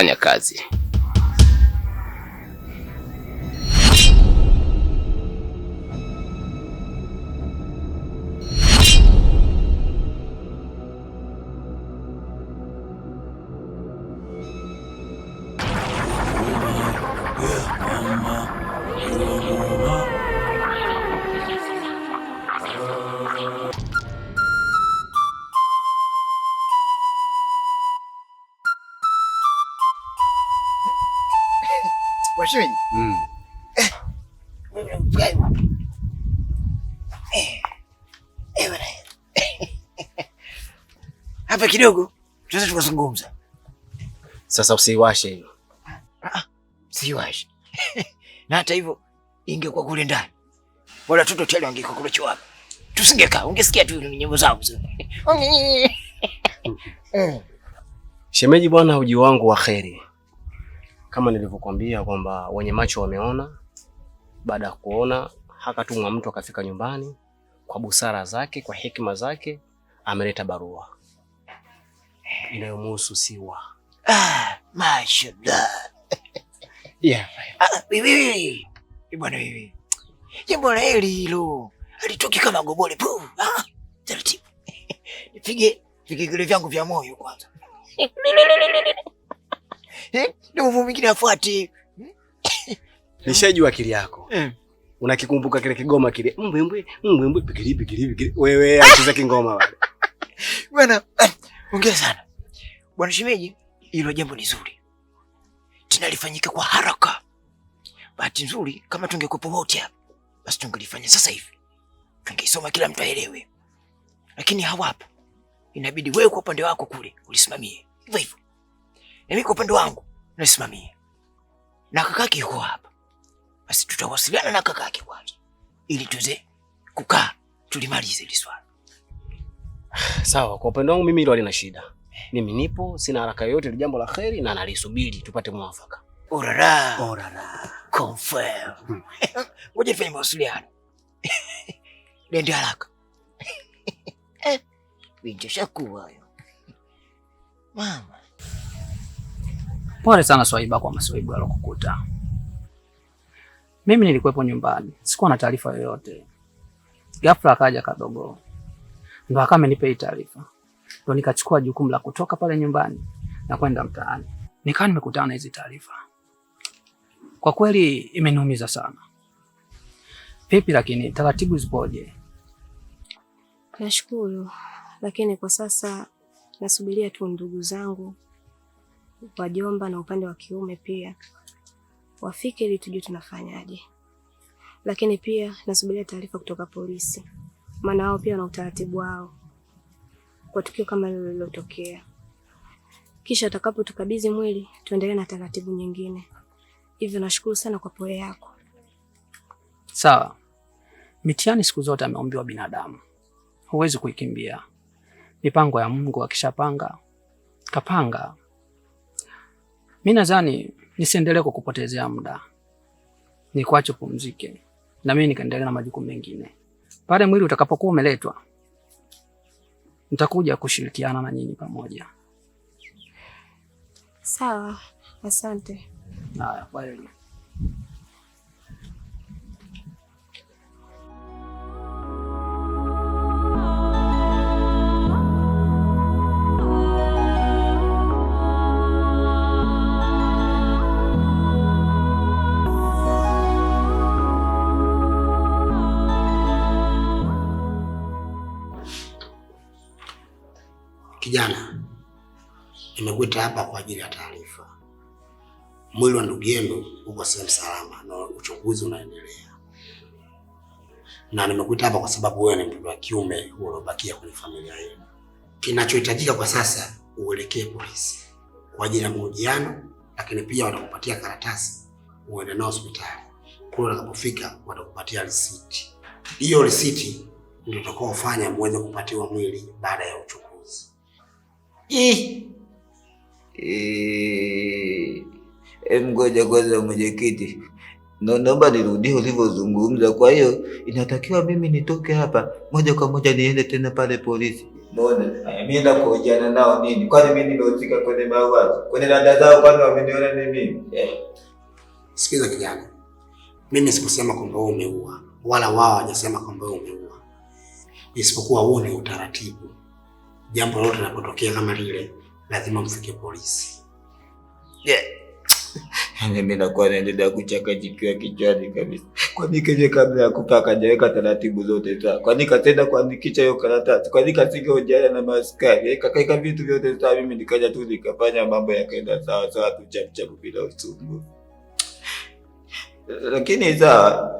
kufanya kazi. muda kidogo, tuweze tukazungumza. Sasa usiwashe hiyo. Ah, ah siwashe. Na hata hivyo ingekuwa kule ndani. Wala tuto tayari wangekuwa kule chuo hapa. Tusingekaa, ungesikia tu nyimbo zangu. Shemeji bwana, uji wangu wa kheri. Kama nilivyokuambia kwamba wenye macho wameona, baada ya kuona hakatumwa mtu akafika nyumbani kwa busara zake, kwa hekima zake ameleta barua inayomuhusu Siwa. Ah, mashallah. Yeah. Ah, bibi. Bwana bibi. Jambo la hili hilo. Alitoki kama gobole pu. Ah, taratibu. Nipige vigegele vyangu vya moyo kwanza. Eh, ndio mwingine afuate. Nishajua akili yako. Mm. Unakikumbuka kile kigoma kile. Mbwe mbwe, mbwe mbwe, pigiri pigiri pigiri. Wewe acheza kingoma wewe. Bwana, eh, ongea sana. Bwana shemeji, hilo jambo ni zuri, tena lifanyike kwa haraka. Bahati nzuri kama tungekuwepo wote hapa, basi tungelifanya sasa hivi, tungeisoma kila mtu aelewe, lakini hawapo. Inabidi wewe kwa upande wako kule ulisimamie hivyo hivyo, na mimi kwa upande wangu nasimamie, na kakake yuko hapa, basi tutawasiliana na kakake kwanza, ili tuze kukaa tulimalize hili swala. Sawa, kwa upande wangu mimi hilo halina shida. Mimi nipo, sina haraka yoyote, ni jambo la kheri na nalisubiri tupate mwafaka. Orara. Orara. Confirm. Hmm. Ngoja tufanye mawasiliano. Nende haraka. Eh, binti shakuwa hayo. Mama. Pole sana Swaiba kwa maswaibu alokukuta. Mimi nilikuwepo nyumbani, sikuwa na taarifa yoyote. Ghafla akaja kadogo, ndo akame hii taarifa ndo nikachukua jukumu la kutoka pale nyumbani na kwenda mtaani, nikawa nimekutana na hizi taarifa. Kwa kweli imeniumiza sana. Vipi lakini taratibu zipoje? Nashukuru, lakini kwa sasa nasubiria tu ndugu zangu wajomba na upande wa kiume pia wafike ili tujue tunafanyaje, lakini pia nasubiria taarifa kutoka polisi, maana wao pia wana utaratibu wao kwa tukio kama hilo lililotokea, kisha tukabidhi mwili tuendelee na taratibu nyingine. Hivyo nashukuru sana kwa pole yako. Sawa, mitihani siku zote ameombiwa binadamu, huwezi kuikimbia. Mipango ya Mungu akishapanga kapanga. Mi nadhani nisiendelee kukupotezea muda, nikuache pumzike na mimi nikaendelea na majukumu mengine. Pale mwili utakapokuwa umeletwa nitakuja kushirikiana na nyinyi pamoja. Sawa, asante. Haya, kwaheri. Nimekuita hapa kwa ajili ya taarifa. Mwili wa ndugu yenu uko sehemu salama na uchunguzi unaendelea, na nimekuita hapa kwa sababu wewe ni mtoto wa kiume uliobakia kwenye familia yenu. Kinachohitajika kwa sasa, uelekee polisi kwa ajili ya mahojiano, lakini pia watakupatia karatasi uende nao hospitali kule. Utakapofika watakupatia risiti. Hiyo risiti ndio utakaofanya muweze kupatiwa mwili baada ya uchunguzi. Eh, mgoja kwanza, mwenyekiti, naomba nirudie ulivyozungumza. Kwa hiyo inatakiwa mimi nitoke hapa moja kwa moja niende tena pale polisi. na kuojana nao nini? Kwani mimi nimehusika kwenye mauaji kwenye dada zao? Kwani wameniona ni mimi? Eh. Sikiza kijana, mimi sikusema kwamba wewe umeua, wala wao hawajasema kwamba wewe umeua, isipokuwa huu ni utaratibu. Jambo lolote linapotokea kama lile lazima mfike polisi. Mimi nakuwa naendelea kuchaka jikiwa kichwani kabisa. nini keje kabla ya kupaka jaweka taratibu zote Kwa Kwani katenda kuandikisha hiyo karatasi. nini kasinge ujana na maskari. Yaani Kakaika vitu vyote za mimi nikaja tu nikafanya mambo yakaenda sawa sawa tu chap chap bila usumbufu. Lakini sawa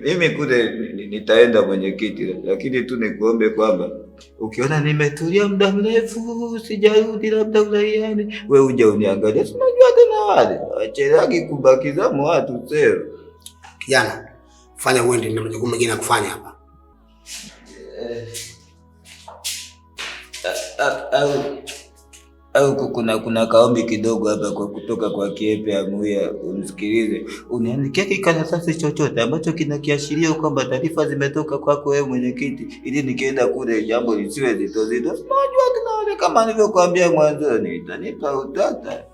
mimi kule nitaenda mwenyekiti, lakini tu nikuombe kwamba ukiona nimetulia muda mrefu sijarudi, labda uraiani, we uja uniangalia. Unajua tena wale wachelagi kubakizamo watu seo. Kijana, fanya uende, na majukumu mengine ya kufanya hapa. Eh, eh, eh, eh au kuna kuna kaombi kidogo hapa kwa kutoka kwa kiepe amuia, umsikilize. uniandikia kikaratasi chochote ambacho kinakiashiria kwamba taarifa zimetoka kwako wewe mwenyekiti, ili nikienda kule jambo lisiwe zito zito. Unajua kinaone kama nilivyokuambia mwanzoni, itanipa utata.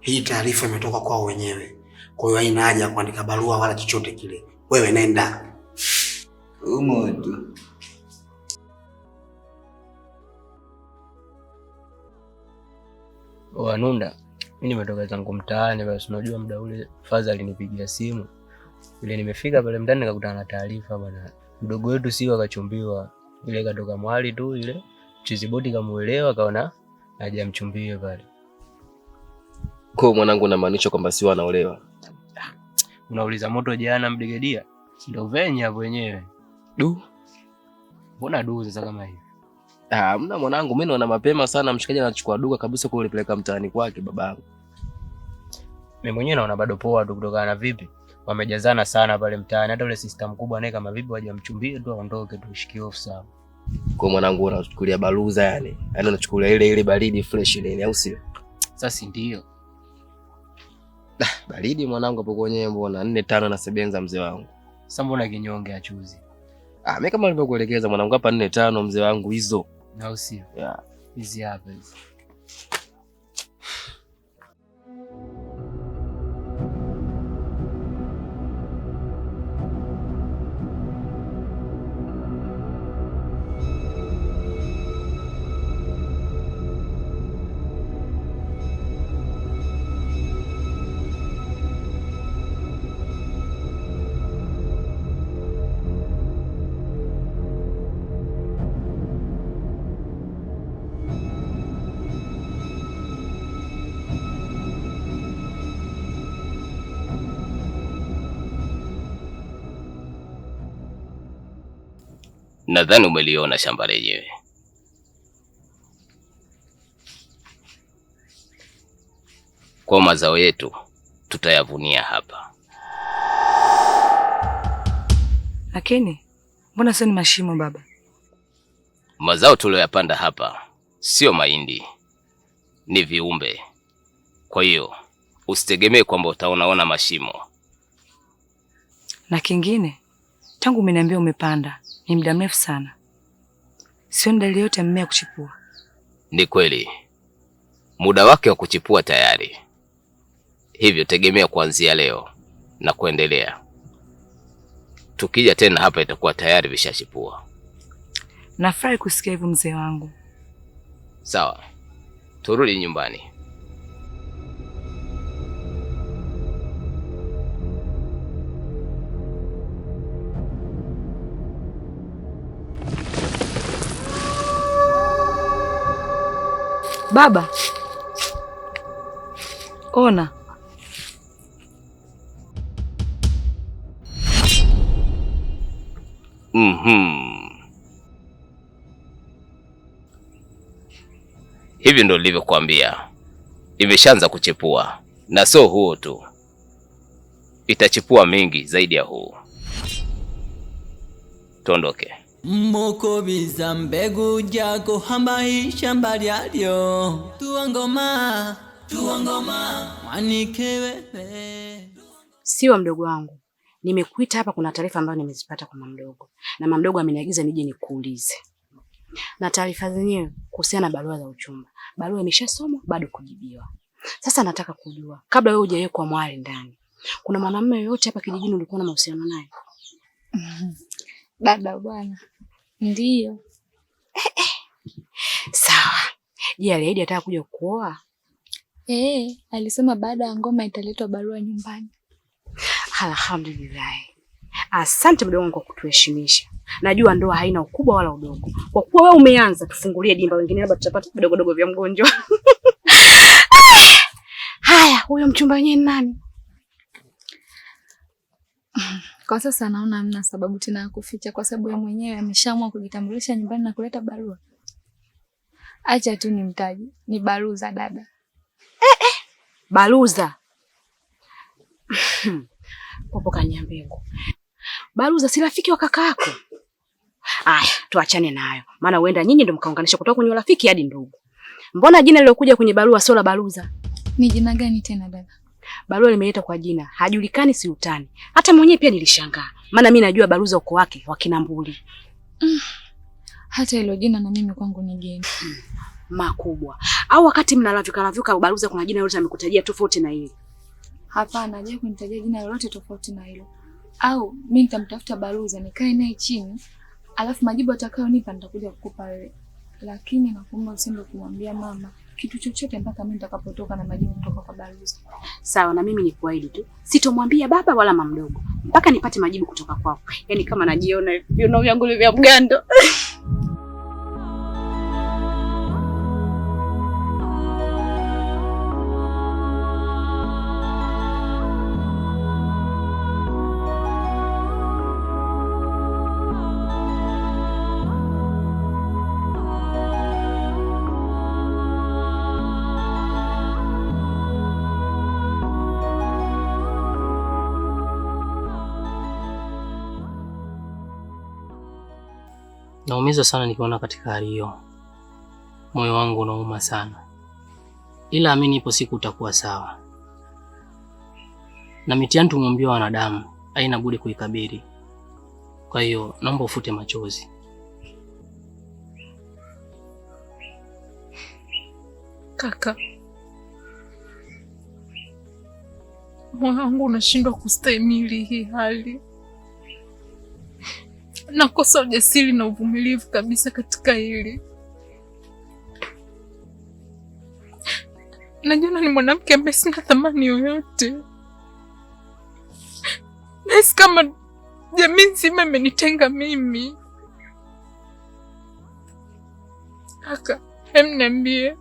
Hii taarifa imetoka kwao wenyewe, kwa hiyo haina haja ya kuandika barua wala chochote kile. Wewe nenda umo tu. Wanunda, mi nimetoka zangu mtaani, basi unajua muda ule Fadha alinipigia simu. Ile nimefika pale mtaani nikakutana na taarifa bwana, mdogo wetu Siwa akachumbiwa. Ile katoka mwali tu ile chiziboti kamuelewa, kaona aje pale. Kwa mwanangu, namaanisha kwamba Siwa anaolewa? Unauliza moto jana, mbrigedia ndio venye hapo wenyewe. Du, mbona du sasa kama hivi Ah, hamna mwanangu, mimi naona mapema sana mshikaji anachukua duka kabisa kulipeleka mtaani kwake babangu. Mimi mwenyewe naona bado poa tu, kutokana na vipi wamejazana sana pale mtaani, hata yule sister mkubwa naye kama vipi waje mchumbie tu aondoke tu shiki off sawa. Kwa mwanangu unachukulia baluza yani, Yaani unachukulia ile ile baridi fresh ile, au sio? Sasa si ndio? Ah, baridi mwanangu hapo kwenye mbona 4 5 na sebenza mzee wangu. Sasa mbona kinyonge achuzi? Ah, mimi kama nilivyokuelekeza mwanangu hapa 4 5 mzee wangu hizo Now see. Yeah. Easy habits. Nadhani umeliona shamba lenyewe. Kwa mazao yetu tutayavunia hapa. Lakini mbona sio ni mashimo baba? Mazao tuliyoyapanda hapa sio mahindi, ni viumbe. Kwa hiyo usitegemee kwamba utaonaona mashimo. Na kingine, tangu umeniambia umepanda ni muda mrefu sana. Sioni dalili yote ya mmea kuchipua. Ni kweli, muda wake wa kuchipua tayari, hivyo tegemea kuanzia leo na kuendelea. Tukija tena hapa itakuwa tayari vishachipua. Nafurahi kusikia hivyo mzee wangu. Sawa, turudi nyumbani. Baba, ona mm -hmm. Hivi ndo nilivyokuambia, imeshaanza kuchepua na sio huo tu, itachipua mengi zaidi ya huu. Tuondoke biza mbegu jako hamba shamba lyalyo tuwangoma Tuangoma mwanike wewe. Siwa mdogo wangu, nimekuita hapa, kuna taarifa ambayo nimezipata kwa mamdogo, na mamdogo ameniagiza nije nikuulize, na taarifa zenyewe kuhusiana na barua za uchumba. Barua imeshasomwa bado kujibiwa. Sasa nataka kujua kabla wewe hujawekwa mwali ndani, kuna mwanamume yoyote hapa kijijini ulikuwa na mahusiano naye? Dada bwana Ndiyo. Sawa. Je, aliahidi ataka kuja kuoa? ee alisema baada ya ngoma italetwa barua nyumbani. Alhamdulillah. Asante mdogo wangu kwa kutuheshimisha. Najua ndoa haina ukubwa wala udogo. Kwa kuwa wewe umeanza, tufungulie dimba, wengine labda tutapata vidogodogo vya mgonjwa. Eh, haya, huyo mchumba wenyewe ni nani? Kwa sasa naona mna sababu tena ya kuficha, kwa sababu yeye mwenyewe ameshaamua kujitambulisha nyumbani na kuleta barua. Acha tu nimtaje, ni Baruza dada. Eh, eh. Baruza popo kanyambingu. Baruza si rafiki wa kaka yako? Aya, tuachane nayo, maana huenda nyinyi ndio mkaunganisha kutoka kwenye urafiki hadi ndugu. Mbona jina lilokuja kwenye barua sio la Baruza? Ni jina gani tena dada? barua nimeleta kwa jina hajulikani, si Hata mwenyewe pia nilishangaa, maana mi najua za uko wake wakina Mbuli. Mm. hata hilo jina na mimi kwangu ni geni. Mm. Makubwa au wakati mnalavyuka lavyuka za kuna jina lolote amekutajia tofauti na hili? Hapana, hajawahi kunitajia jina lolote tofauti na hilo. Au mi nitamtafuta baruza nikae naye chini, alafu majibu atakayonipa nitakuja kukupa wewe, lakini nakuomba usiende kumwambia mama kitu chochote mpaka mimi nitakapotoka na majibu kutoka kwa balozi. Sawa, na mimi ni kuahidi tu sitomwambia baba wala mama mdogo mpaka nipate majibu kutoka kwako. Yaani kama najiona viuno vyangu vya mgando Naumiza sana nikiona katika hali hiyo, moyo wangu unauma sana, ila amini, ipo siku utakuwa sawa. Na mitihani tumwambia wanadamu, haina budi kuikabili. Kwa hiyo naomba ufute machozi. Kaka, moyo wangu unashindwa kustahimili hii hali nakosa ujasiri na uvumilivu kabisa katika hili. Najiona ni mwanamke ambaye sina thamani yoyote. Nahisi kama jamii nzima imenitenga mimi. Kaka, hem, niambie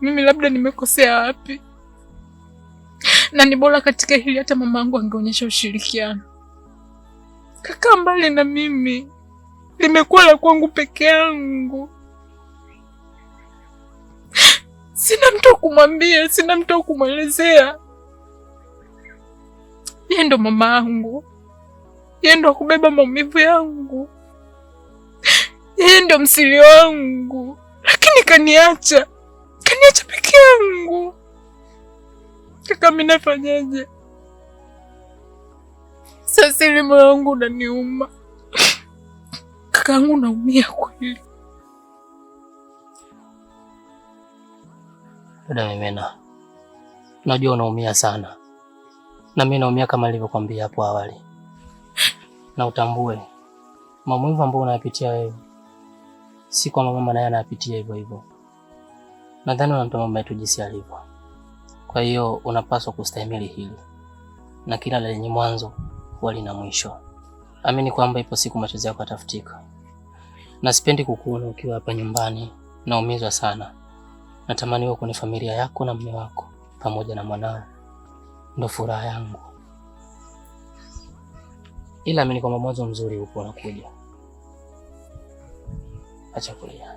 mimi labda nimekosea wapi? Na ni bora katika hili hata mama yangu angeonyesha ushirikiano kaka mbali na mimi, limekuwa la kwangu peke yangu, sina mtu wa kumwambia, sina mtu wa kumwelezea. Yeye ndo mama yangu, yeye ndo akubeba maumivu yangu, yeye ndo msilio wangu, lakini kaniacha, kaniacha peke yangu. Kaka, mimi nafanyaje? Sasa ile moyo wangu unaniuma kakaangu, naumia kweli. Dada Memena, najua unaumia sana, na mimi naumia kama nilivyokwambia hapo awali, na utambue maumivu ambayo unayapitia wewe si kwamba mama naye anayapitia hivyo hivyo. Nadhani unamtambua mama yetu jinsi alivyo, kwa hiyo unapaswa kustahimili hili na kila lenye mwanzo walina mwisho. Amini kwamba ipo siku machozi yako yatafutika, na sipendi kukuona ukiwa hapa nyumbani. Naumizwa sana, natamani wewe kwenye familia yako na mume wako pamoja na mwanao, ndo furaha yangu. Ila amini kwamba mwanzo mzuri upo nakuja Acha kulia.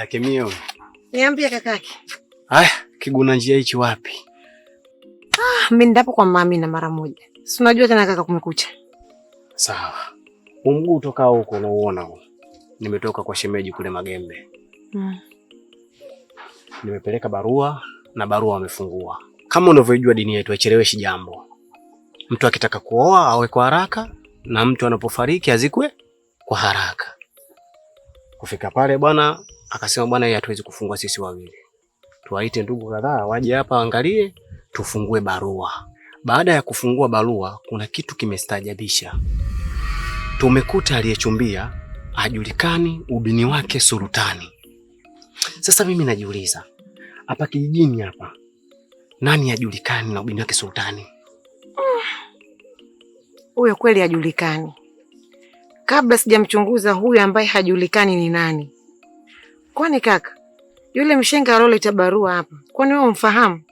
yake Mio. Niambie kakake. Haya, kiguna njia hichi wapi? Ah, mimi ndapo kwa mami na mara moja. Si unajua tena kaka kumekucha. Sawa. Umguu utoka huko unaoona huko. Nimetoka kwa shemeji kule Magembe. Mm. Nimepeleka barua na barua wamefungua. Kama unavyojua dini yetu haicheleweshi jambo. Mtu akitaka kuoa awe kwa haraka na mtu anapofariki azikwe kwa haraka. Kufika pale bwana akasema bwana, yeye hatuwezi kufungua sisi wawili, tuwaite ndugu kadhaa waje hapa waangalie, tufungue barua. Baada ya kufungua barua, kuna kitu kimestajabisha. Tumekuta aliyechumbia ajulikani, ubini wake surutani. Sasa mimi najiuliza hapa kijijini hapa nani ajulikani na ubini wake sultani? Ah, huyo kweli hajulikani. Kabla sijamchunguza huyu ambaye hajulikani ni nani, Kwani kaka yule mshenga aloleta barua hapa, kwani wewe umfahamu?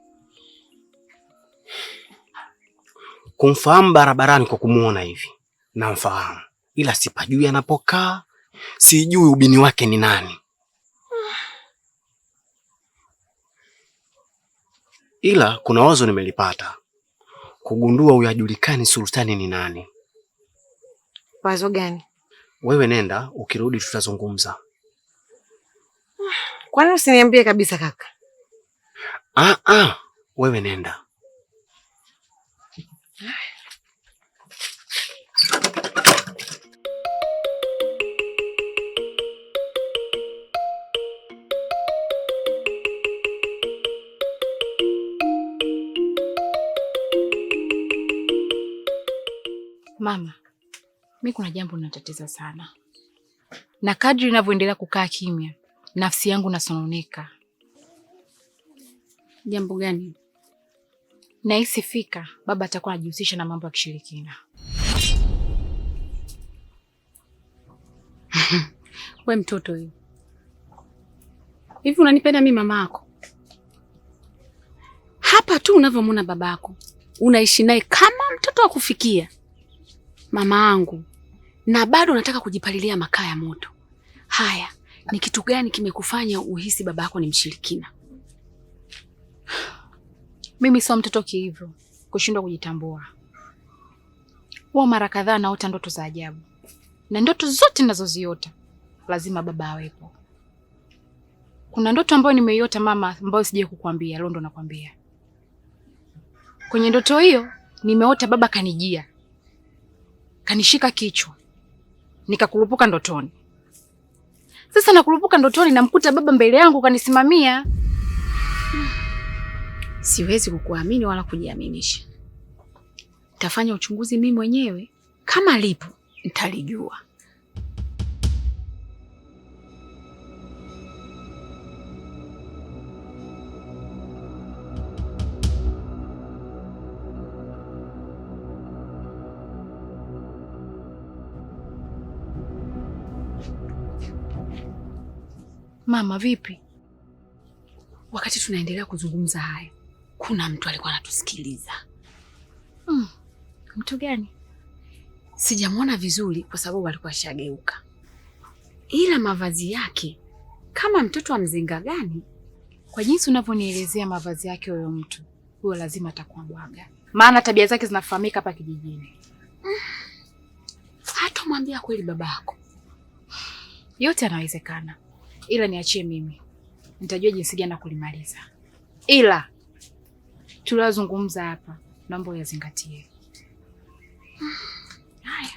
Kumfahamu barabarani kwa kumuona hivi namfahamu, ila sipajui anapokaa, sijui ubini wake ni nani, ila kuna wazo nimelipata kugundua uyajulikani ajulikani sultani ni nani. Wazo gani? Wewe nenda, ukirudi tutazungumza. Kwani usiniambie kabisa kaka? Ah, ah, wewe nenda. Mama, mi kuna jambo linatatiza sana, na kadri inavyoendelea kukaa kimya nafsi yangu nasononeka. Jambo gani? Nahisi fika baba atakuwa anajihusisha na mambo ya kishirikina. We mtoto hiyo, hivi unanipenda mimi mama yako? Hapa tu unavyomwona babako unaishi naye kama mtoto wa kufikia, mama yangu, na bado unataka kujipalilia makaa ya moto haya. Ni kitu gani kimekufanya uhisi baba yako ni mshirikina? Mimi sio mtoto kihivyo kushindwa kujitambua. Huwa mara kadhaa naota ndoto za ajabu, na ndoto zote ninazoziota lazima baba awepo. Kuna ndoto ambayo nimeiota mama, ambayo sijai kukwambia leo ndo nakwambia. Kwenye ndoto hiyo nimeota baba kanijia, kanishika kichwa, nikakurupuka ndotoni sasa nakurupuka ndotoni, namkuta baba mbele yangu kanisimamia. Siwezi kukuamini wala kujiaminisha. Tafanya uchunguzi mimi mwenyewe, kama lipo nitalijua. Mama vipi? Wakati tunaendelea kuzungumza haya, kuna mtu alikuwa anatusikiliza. Hmm, mtu gani? Sijamwona vizuri kwa sababu alikuwa ashageuka, ila mavazi yake kama mtoto wa mzinga gani. Kwa jinsi unavyonielezea mavazi yake, huyo mtu huyo lazima atakuwa bwaga, maana tabia zake zinafahamika hapa kijijini. Mm. Hatamwambia kweli babako, yote yanawezekana ila niachie mimi, nitajua jinsi gani kulimaliza, ila tuliozungumza hapa naomba uyazingatie. Haya.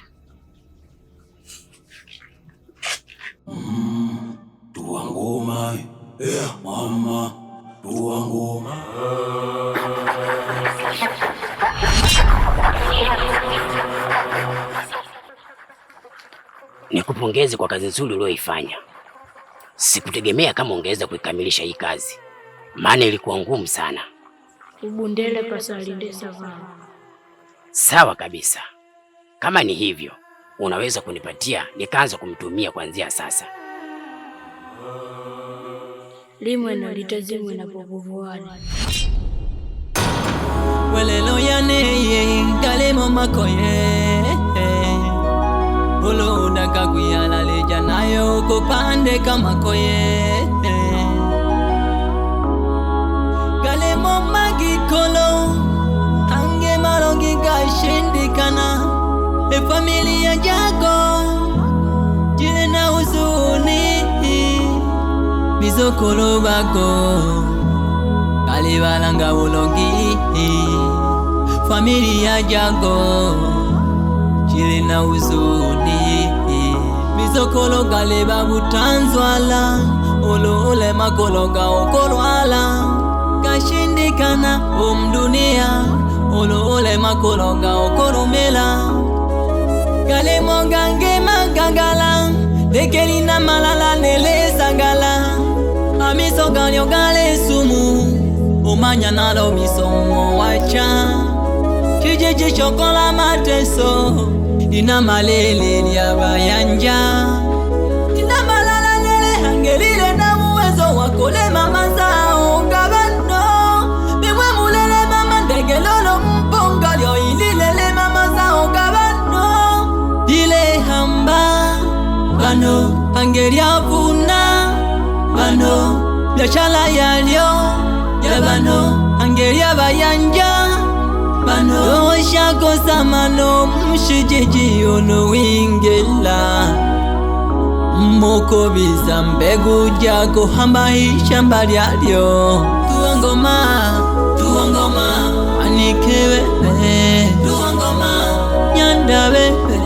Dua ngoma Eh, mama Dua ngoma nikupongeze kwa kazi nzuri uliyoifanya. Sikutegemea kama ungeweza kuikamilisha hii kazi, maana ilikuwa ngumu sana. ubundele pasalinde savana. Sawa kabisa, kama ni hivyo unaweza kunipatia nikaanza kumtumia kuanzia sasa. limwena litazimwena pokuvuana welelo yaneye ngalemo makoye olondakakuyalale Kuja nayo uko pande kama koye galemo magikolo hange marongi gashindikana e familia jako jile na huzuni bizokolo bako kalibalanga bulongi familia jako jile na huzuni masokoloka leba butanzwala uluulema koloka okolwala kashindikana omduniya uluulema koloka okolumela kalemogangemagagala lekelina malala nelesangala amiso galyoga lesumu umanya nalo misomo wacha kijiji chokola mateso Dina malele lya bayanja Dina malala lele hangelile na muwezo wakole mama zao ngabando Mimwe mulele mama ndege lolo mponga lyo ililele mama zao ngabando Dile hamba Bano hangelia vuna Bano biashara yalyo Ya bano hangelia bayanja oshakhosamano mshijijiyono wingela mukobisa mbegu jako hamba ishamba lyalyo tuongoma tuongoma anikewele eh. tuongoma nyandawele eh.